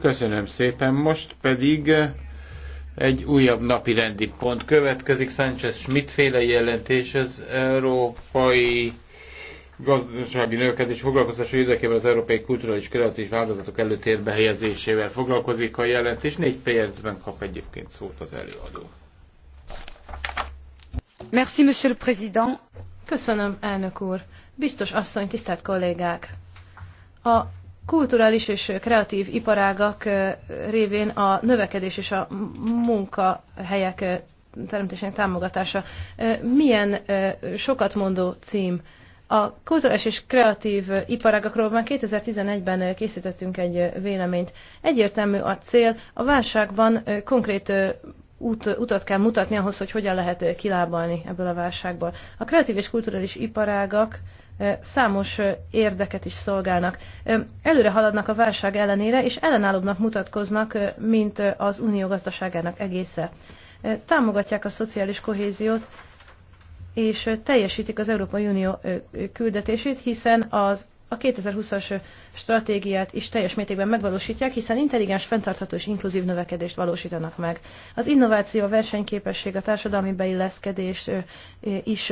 Köszönöm szépen. Most pedig egy újabb napi rendi pont következik. Sánchez Schmidt féle jelentés az európai gazdasági növekedés foglalkozása érdekében az európai kulturális kreatív változatok előtérbe helyezésével foglalkozik a jelentés. Négy percben kap egyébként szót az előadó. Merci, monsieur le président. Köszönöm, elnök úr. Biztos asszony, tisztelt kollégák! A kulturális és kreatív iparágak révén a növekedés és a munkahelyek teremtésének támogatása. Milyen sokat mondó cím. A kulturális és kreatív iparágakról már 2011-ben készítettünk egy véleményt. Egyértelmű a cél, a válságban konkrét út, utat kell mutatni ahhoz, hogy hogyan lehet kilábalni ebből a válságból. A kreatív és kulturális iparágak számos érdeket is szolgálnak. Előre haladnak a válság ellenére, és ellenállóbbnak mutatkoznak, mint az unió gazdaságának egésze. Támogatják a szociális kohéziót, és teljesítik az Európai Unió küldetését, hiszen az a 2020-as stratégiát is teljes mértékben megvalósítják, hiszen intelligens, fenntartható és inkluzív növekedést valósítanak meg. Az innováció, a versenyképesség, a társadalmi beilleszkedés is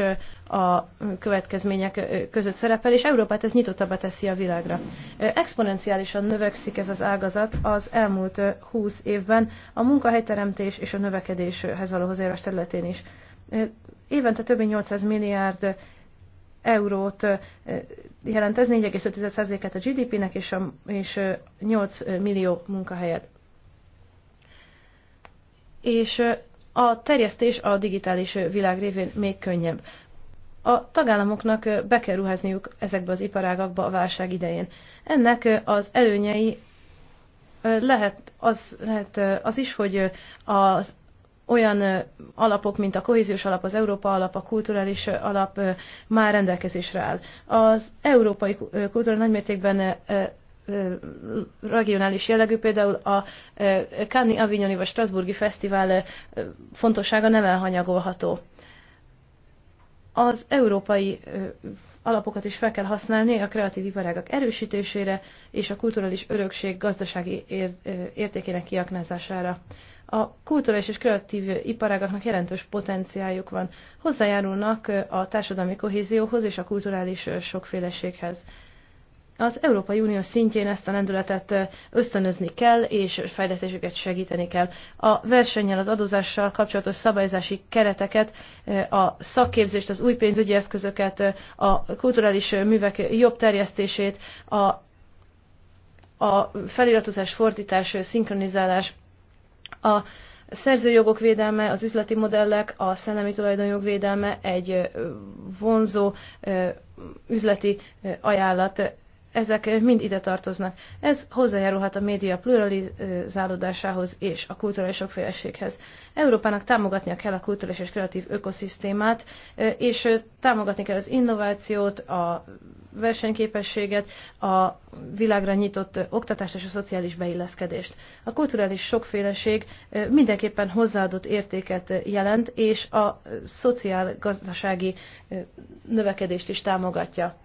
a következmények között szerepel, és Európát ez nyitottabbá teszi a világra. Exponenciálisan növekszik ez az ágazat az elmúlt 20 évben a munkahelyteremtés és a növekedéshez való hozzájárás területén is. Évente több mint 800 milliárd eurót jelent ez 4,5%-et a GDP-nek és, a, és 8 millió munkahelyet. És a terjesztés a digitális világ révén még könnyebb. A tagállamoknak be kell ruházniuk ezekbe az iparágakba a válság idején. Ennek az előnyei lehet az, lehet az is, hogy az olyan alapok, mint a kohéziós alap, az Európa alap, a kulturális alap már rendelkezésre áll. Az európai kultúra nagymértékben regionális jellegű, például a Cannes Avignoni vagy Strasburgi Fesztivál fontossága nem elhanyagolható. Az európai alapokat is fel kell használni a kreatív iparágak erősítésére és a kulturális örökség gazdasági értékének kiaknázására. A kulturális és kreatív iparágaknak jelentős potenciáljuk van. Hozzájárulnak a társadalmi kohézióhoz és a kulturális sokféleséghez. Az Európai Unió szintjén ezt a lendületet ösztönözni kell, és fejlesztésüket segíteni kell. A versennyel, az adózással kapcsolatos szabályzási kereteket, a szakképzést, az új pénzügyi eszközöket, a kulturális művek jobb terjesztését, a, a feliratozás, fordítás, szinkronizálás, a szerzőjogok védelme, az üzleti modellek, a szellemi tulajdonjog védelme egy vonzó üzleti ajánlat ezek mind ide tartoznak. Ez hozzájárulhat a média pluralizálódásához és a kulturális sokféleséghez. Európának támogatnia kell a kulturális és kreatív ökoszisztémát, és támogatni kell az innovációt, a versenyképességet, a világra nyitott oktatást és a szociális beilleszkedést. A kulturális sokféleség mindenképpen hozzáadott értéket jelent, és a szociál gazdasági növekedést is támogatja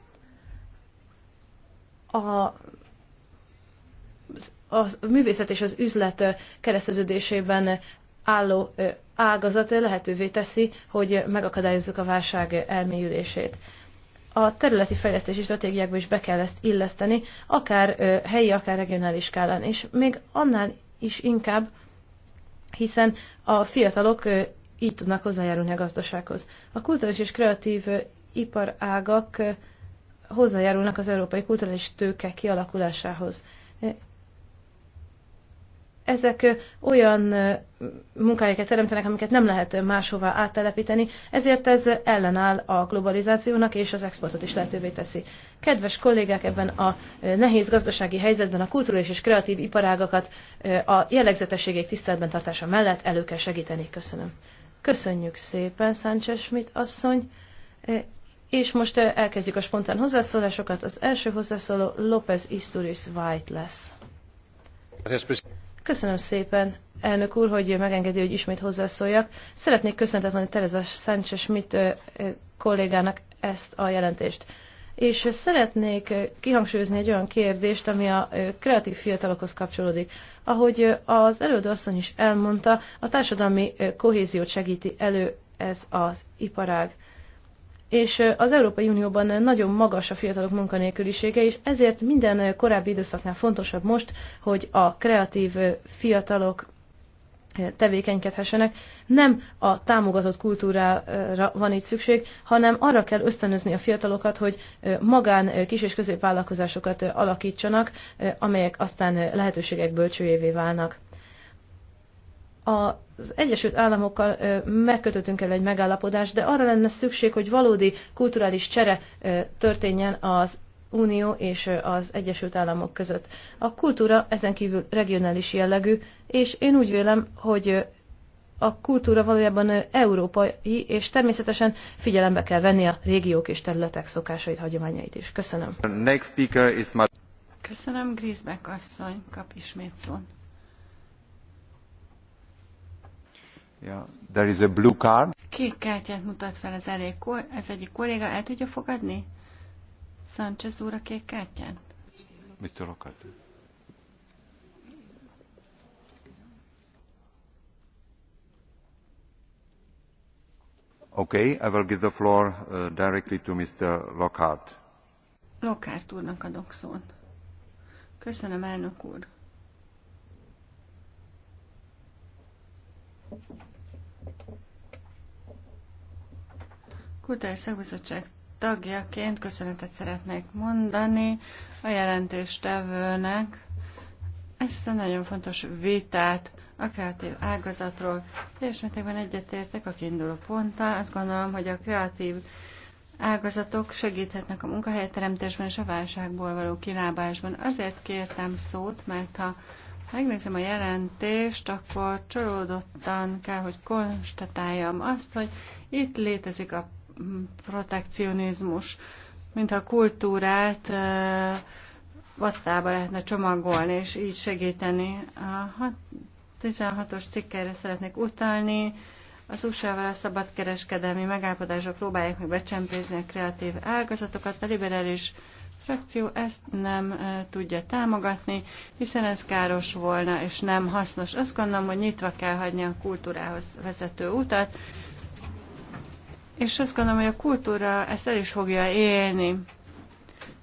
a a művészet és az üzlet kereszteződésében álló ágazat lehetővé teszi, hogy megakadályozzuk a válság elmélyülését. A területi fejlesztési stratégiákba is be kell ezt illeszteni, akár helyi, akár regionális skálán, és még annál is inkább, hiszen a fiatalok így tudnak hozzájárulni a gazdasághoz. A kulturális és kreatív iparágak hozzájárulnak az európai kulturális tőke kialakulásához. Ezek olyan munkájákat teremtenek, amiket nem lehet máshová áttelepíteni, ezért ez ellenáll a globalizációnak, és az exportot is lehetővé teszi. Kedves kollégák, ebben a nehéz gazdasági helyzetben a kulturális és kreatív iparágakat a jellegzetességek tiszteletben tartása mellett elő kell segíteni. Köszönöm. Köszönjük szépen, Sánchez Schmidt asszony. És most elkezdjük a spontán hozzászólásokat. Az első hozzászóló López Isturis White lesz. Köszönöm szépen, elnök úr, hogy megengedi, hogy ismét hozzászóljak. Szeretnék köszönetet mondani Tereza Sánchez Schmidt kollégának ezt a jelentést. És szeretnék kihangsúlyozni egy olyan kérdést, ami a kreatív fiatalokhoz kapcsolódik. Ahogy az előadó asszony is elmondta, a társadalmi kohéziót segíti elő ez az iparág és az Európai Unióban nagyon magas a fiatalok munkanélkülisége, és ezért minden korábbi időszaknál fontosabb most, hogy a kreatív fiatalok tevékenykedhessenek. Nem a támogatott kultúrára van itt szükség, hanem arra kell ösztönözni a fiatalokat, hogy magán kis- és középvállalkozásokat alakítsanak, amelyek aztán lehetőségek bölcsőjévé válnak az Egyesült Államokkal megkötöttünk el egy megállapodást, de arra lenne szükség, hogy valódi kulturális csere történjen az Unió és az Egyesült Államok között. A kultúra ezen kívül regionális jellegű, és én úgy vélem, hogy a kultúra valójában európai, és természetesen figyelembe kell venni a régiók és területek szokásait, hagyományait is. Köszönöm. Next speaker is Mar- Köszönöm, Grisbeck asszony kap ismét szót. Yeah. There is a blue card. Kék kártyát mutat fel az, elég, Ez egyik kolléga. El tudja fogadni? Sanchez úr a kék kártyán. Mr. Lockhart. Okay, I will give the floor uh, directly to Mr. Lockhart. Lockhart úrnak adok szót. Köszönöm, elnök úr. Kultúrás Szakbizottság tagjaként köszönetet szeretnék mondani a jelentéstevőnek ezt a nagyon fontos vitát a kreatív ágazatról. Teljes mértékben egyetértek a kiinduló ponttal. Azt gondolom, hogy a kreatív ágazatok segíthetnek a munkahelyteremtésben és a válságból való kilábásban. Azért kértem szót, mert ha megnézem a jelentést, akkor csalódottan kell, hogy konstatáljam azt, hogy itt létezik a protekcionizmus, mintha a kultúrát vattába lehetne csomagolni, és így segíteni. A 16-os cikkelyre szeretnék utalni. Az USA-val a szabadkereskedelmi megállapodások próbálják meg becsempézni a kreatív ágazatokat, a liberális frakció ezt nem tudja támogatni, hiszen ez káros volna és nem hasznos. Azt gondolom, hogy nyitva kell hagyni a kultúrához vezető utat, és azt gondolom, hogy a kultúra ezt el is fogja élni.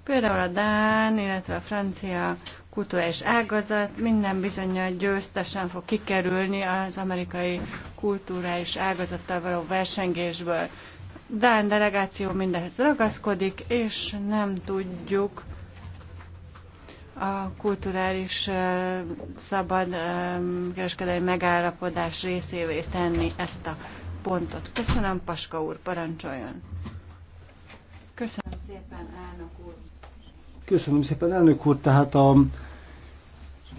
Például a Dán, illetve a francia kulturális ágazat minden bizonyal győztesen fog kikerülni az amerikai kulturális ágazattal való versengésből. Dán delegáció mindehez ragaszkodik, és nem tudjuk a kulturális szabad kereskedelmi megállapodás részévé tenni ezt a pontot. Köszönöm, Paska úr, parancsoljon. Köszönöm szépen, elnök úr. Köszönöm szépen, elnök úr. Tehát a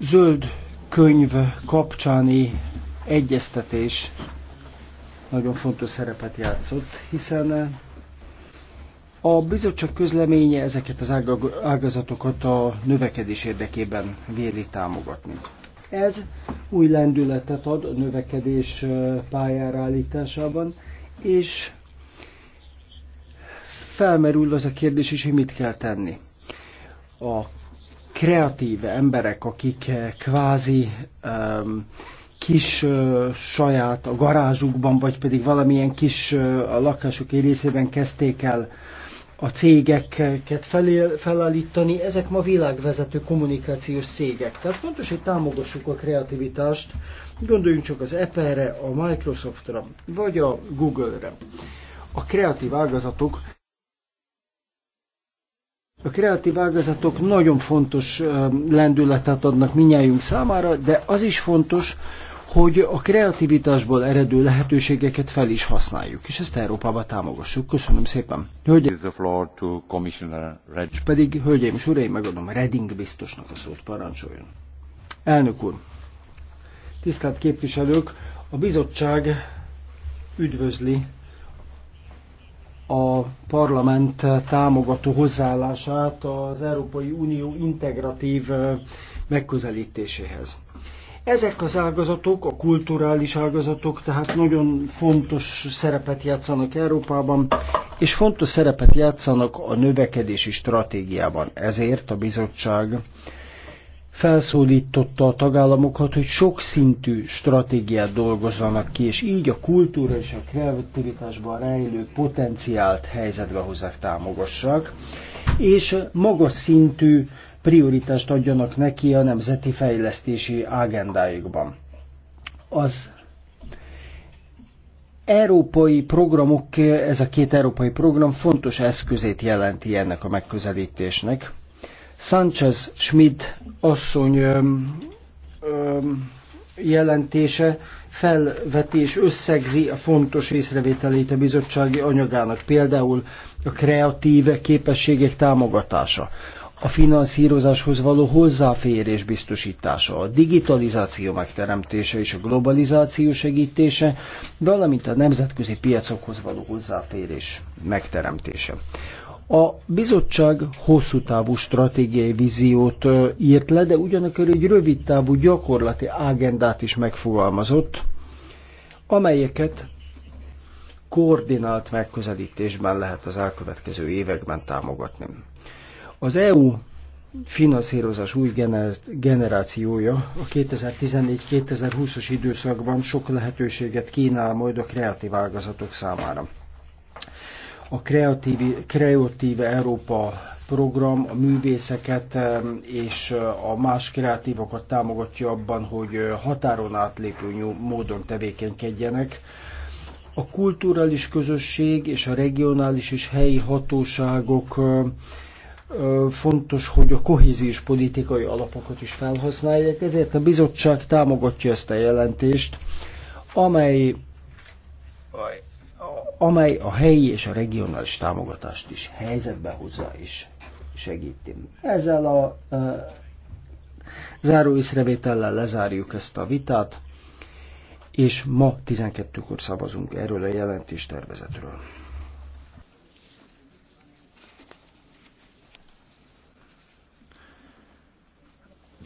zöld könyv kapcsáni egyeztetés nagyon fontos szerepet játszott, hiszen a bizottság közleménye ezeket az ágazatokat a növekedés érdekében véli támogatni. Ez új lendületet ad a növekedés pályára állításában, és felmerül az a kérdés is, hogy mit kell tenni. A kreatív emberek, akik kvázi um, kis uh, saját a garázsukban, vagy pedig valamilyen kis uh, a lakásuk részében kezdték el a cégeket felél, felállítani, ezek ma világvezető kommunikációs cégek. Tehát fontos, hogy támogassuk a kreativitást, gondoljunk csak az Apple-re, a microsoft Microsoft-ra, vagy a Google-re. A kreatív ágazatok a kreatív ágazatok nagyon fontos lendületet adnak minnyájunk számára, de az is fontos, hogy a kreativitásból eredő lehetőségeket fel is használjuk, és ezt Európába támogassuk. Köszönöm szépen. Hölgyeim, És pedig, hölgyeim és uraim, megadom Reding biztosnak a szót, parancsoljon. Elnök úr, tisztelt képviselők, a bizottság üdvözli a parlament támogató hozzáállását az Európai Unió integratív megközelítéséhez. Ezek az ágazatok, a kulturális ágazatok tehát nagyon fontos szerepet játszanak Európában, és fontos szerepet játszanak a növekedési stratégiában. Ezért a bizottság felszólította a tagállamokat, hogy sokszintű stratégiát dolgozzanak ki, és így a kultúra és a kreativitásban rejlő potenciált helyzetbe hozzák támogassák, és magas szintű prioritást adjanak neki a nemzeti fejlesztési agendájukban. Az európai programok, ez a két európai program fontos eszközét jelenti ennek a megközelítésnek. Sanchez Schmidt asszony öm, öm, jelentése felveti és összegzi a fontos észrevételét a bizottsági anyagának, például a kreatív képességek támogatása, a finanszírozáshoz való hozzáférés biztosítása, a digitalizáció megteremtése és a globalizáció segítése, valamint a nemzetközi piacokhoz való hozzáférés megteremtése. A bizottság hosszú távú stratégiai víziót írt le, de ugyanakkor egy rövid távú gyakorlati agendát is megfogalmazott, amelyeket koordinált megközelítésben lehet az elkövetkező években támogatni. Az EU finanszírozás új generációja a 2014 2020 os időszakban sok lehetőséget kínál majd a kreatív ágazatok számára. A kreatív, kreatív Európa program a művészeket és a más kreatívokat támogatja abban, hogy határon átlépő módon tevékenykedjenek. A kulturális közösség és a regionális és helyi hatóságok fontos, hogy a kohéziós politikai alapokat is felhasználják, ezért a bizottság támogatja ezt a jelentést, amely, amely a helyi és a regionális támogatást is helyzetbe hozza és segíti. Ezzel a e, záró észrevétellel lezárjuk ezt a vitát, és ma 12-kor szavazunk erről a jelentéstervezetről.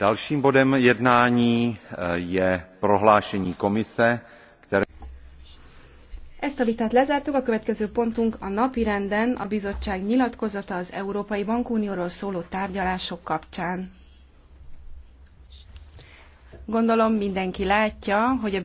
dalším bodem jednání e, je prohlášení komise které. ezt a vitát lezártuk a következő pontunk a napirenden a bizottság nyilatkozata az európai bankunióról szóló tárgyalások kapcsán. gondolom mindenki látja hogy a